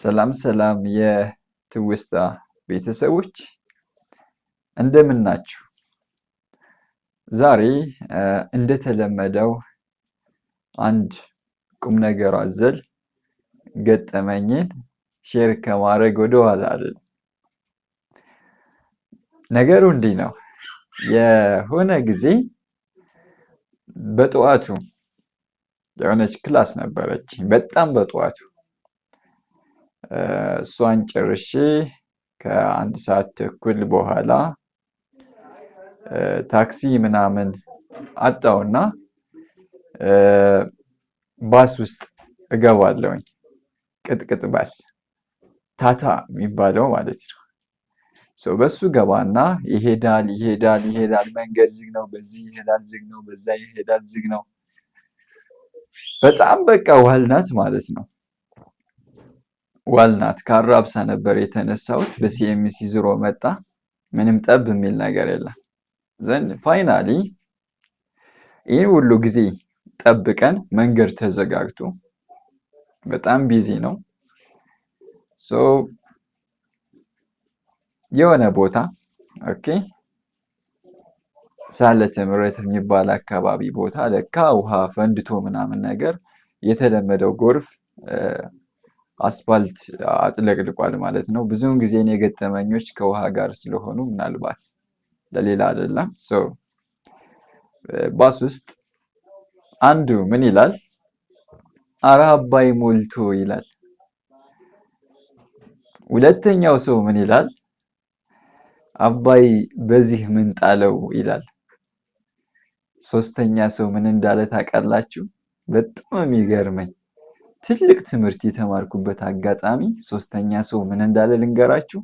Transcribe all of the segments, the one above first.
ሰላም ሰላም የትውስታ ቤተሰቦች እንደምን ናችሁ? ዛሬ እንደተለመደው አንድ ቁም ነገር አዘል ገጠመኝን ሼር ከማድረግ ወደኋላ አለን። ነገሩ እንዲህ ነው። የሆነ ጊዜ በጠዋቱ የሆነች ክላስ ነበረች፣ በጣም በጠዋቱ እሷን ጨርሼ ከአንድ ሰዓት ተኩል በኋላ ታክሲ ምናምን አጣውና ባስ ውስጥ እገባለውኝ። ቅጥቅጥ ባስ ታታ የሚባለው ማለት ነው። ሰው በሱ ገባና ይሄዳል ይሄዳል ይሄዳል። መንገድ ዝግ ነው፣ በዚህ ይሄዳል ዝግ ነው፣ በዛ ይሄዳል ዝግ ነው። በጣም በቃ ዋልናት ማለት ነው። ዋልናት ከአራብሳ ነበር የተነሳሁት። በሲኤምሲ ዝሮ መጣ። ምንም ጠብ የሚል ነገር የለም። ዘንድ ፋይናሊ ይህ ሁሉ ጊዜ ጠብቀን መንገድ ተዘጋግቶ በጣም ቢዚ ነው። የሆነ ቦታ ኦኬ ሳለ ትምህርት የሚባል አካባቢ ቦታ ለካ ውሃ ፈንድቶ ምናምን ነገር የተለመደው ጎርፍ አስፋልት አጥለቅልቋል ማለት ነው። ብዙውን ጊዜ እኔ ገጠመኞች ከውሃ ጋር ስለሆኑ ምናልባት ለሌላ አይደለም። ባስ ውስጥ አንዱ ምን ይላል? አረ አባይ ሞልቶ ይላል። ሁለተኛው ሰው ምን ይላል? አባይ በዚህ ምን ጣለው ይላል። ሶስተኛ ሰው ምን እንዳለ ታውቃላችሁ? በጣም የሚገርመኝ ትልቅ ትምህርት የተማርኩበት አጋጣሚ ሶስተኛ ሰው ምን እንዳለ ልንገራችሁ።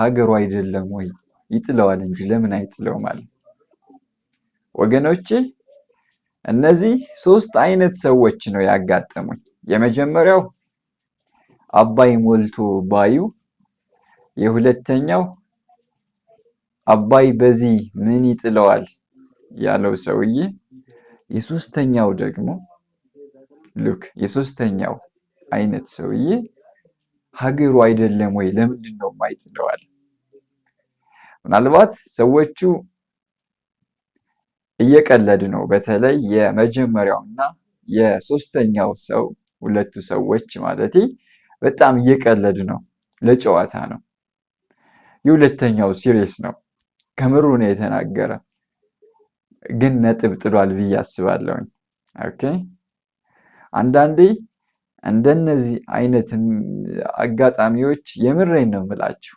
ሀገሩ አይደለም ወይ ይጥለዋል እንጂ ለምን አይጥለውም አለ። ወገኖቼ እነዚህ ሶስት አይነት ሰዎች ነው ያጋጠሙኝ። የመጀመሪያው አባይ ሞልቶ ባዩ፣ የሁለተኛው አባይ በዚህ ምን ይጥለዋል ያለው ሰውዬ፣ የሶስተኛው ደግሞ ሉክ የሶስተኛው አይነት ሰውዬ ሀገሩ አይደለም ወይ? ለምንድን ነው ማይጥለዋል? ምናልባት ሰዎቹ እየቀለድ ነው። በተለይ የመጀመሪያውና የሶስተኛው ሰው ሁለቱ ሰዎች ማለት በጣም እየቀለድ ነው፣ ለጨዋታ ነው። የሁለተኛው ሲሪየስ ነው፣ ከምሩ ነው የተናገረ። ግን ነጥብ ጥሏል ብዬ አስባለሁኝ። ኦኬ አንዳንዴ እንደነዚህ አይነት አጋጣሚዎች የምሬን ነው የምላችሁ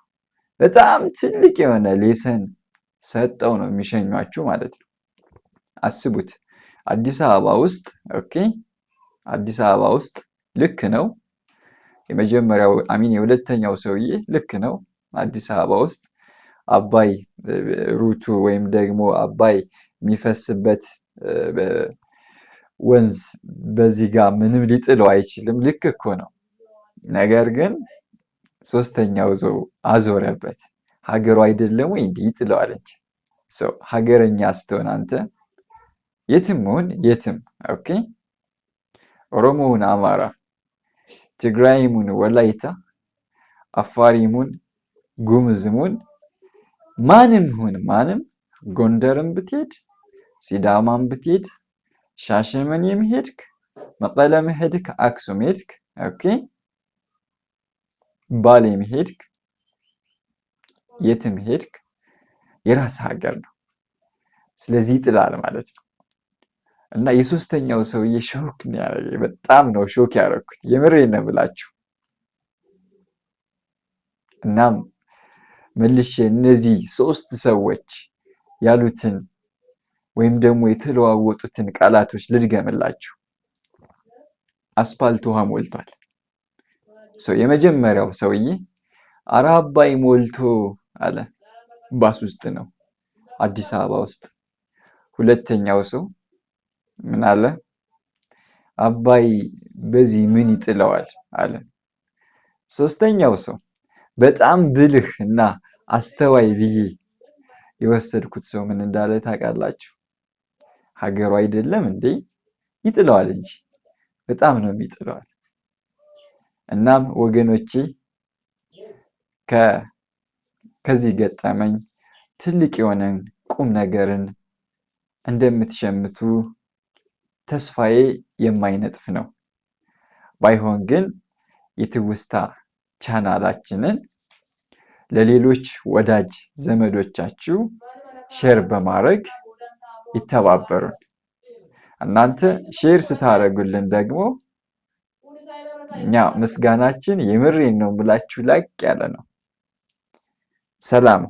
በጣም ትልቅ የሆነ ሌሰን ሰጠው ነው የሚሸኟችሁ ማለት ነው። አስቡት አዲስ አበባ ውስጥ ኦኬ፣ አዲስ አበባ ውስጥ ልክ ነው የመጀመሪያው አሚን የሁለተኛው ሰውዬ ልክ ነው። አዲስ አበባ ውስጥ አባይ ሩቱ ወይም ደግሞ አባይ የሚፈስበት ወንዝ በዚህ ጋር ምንም ሊጥለው አይችልም። ልክ እኮ ነው። ነገር ግን ሶስተኛው ሰው አዞረበት። ሀገሩ አይደለም ወይ እንዲህ ይጥለዋል እንጂ ሰው ሀገረኛ ስትሆን አንተ የትም ሆን የትም። ኦኬ ኦሮሞውን፣ አማራ፣ ትግራይሙን፣ ወላይታ፣ አፋሪሙን፣ ጉምዝሙን ማንም ሁን ማንም ጎንደርም ብትሄድ ሲዳማም ብትሄድ ሻሸመኔም ሄድክ፣ መቀለም ሄድክ፣ አክሱም ሄድክ፣ ኦኬ ባሌም ሄድክ፣ የትም ሄድክ የራስ ሀገር ነው። ስለዚህ ይጥላል ማለት ነው። እና የሶስተኛው ሰውዬ ሾክ ያደረገኝ በጣም ነው ሾክ ያደረኩት። የምሬ ነው ብላችሁ እናም መልሼ እነዚህ ሶስት ሰዎች ያሉትን ወይም ደግሞ የተለዋወጡትን ቃላቶች ልድገምላችሁ። አስፓልት ውሃ ሞልቷል። የመጀመሪያው ሰውዬ አረ አባይ ሞልቶ አለ። ባስ ውስጥ ነው፣ አዲስ አበባ ውስጥ። ሁለተኛው ሰው ምን አለ? አባይ በዚህ ምን ይጥለዋል አለ። ሶስተኛው ሰው በጣም ብልህ እና አስተዋይ ብዬ የወሰድኩት ሰው ምን እንዳለ ታውቃላችሁ? ሀገሩ አይደለም እንዴ? ይጥለዋል እንጂ በጣም ነው የሚጥለዋል። እናም ወገኖቼ ከዚህ ገጠመኝ ትልቅ የሆነን ቁም ነገርን እንደምትሸምቱ ተስፋዬ የማይነጥፍ ነው። ባይሆን ግን የትውስታ ቻናላችንን ለሌሎች ወዳጅ ዘመዶቻችሁ ሼር በማድረግ ይተባበሩን። እናንተ ሼር ስታደረጉልን ደግሞ እኛ ምስጋናችን የምሬን ነው ብላችሁ ላቅ ያለ ነው። ሰላም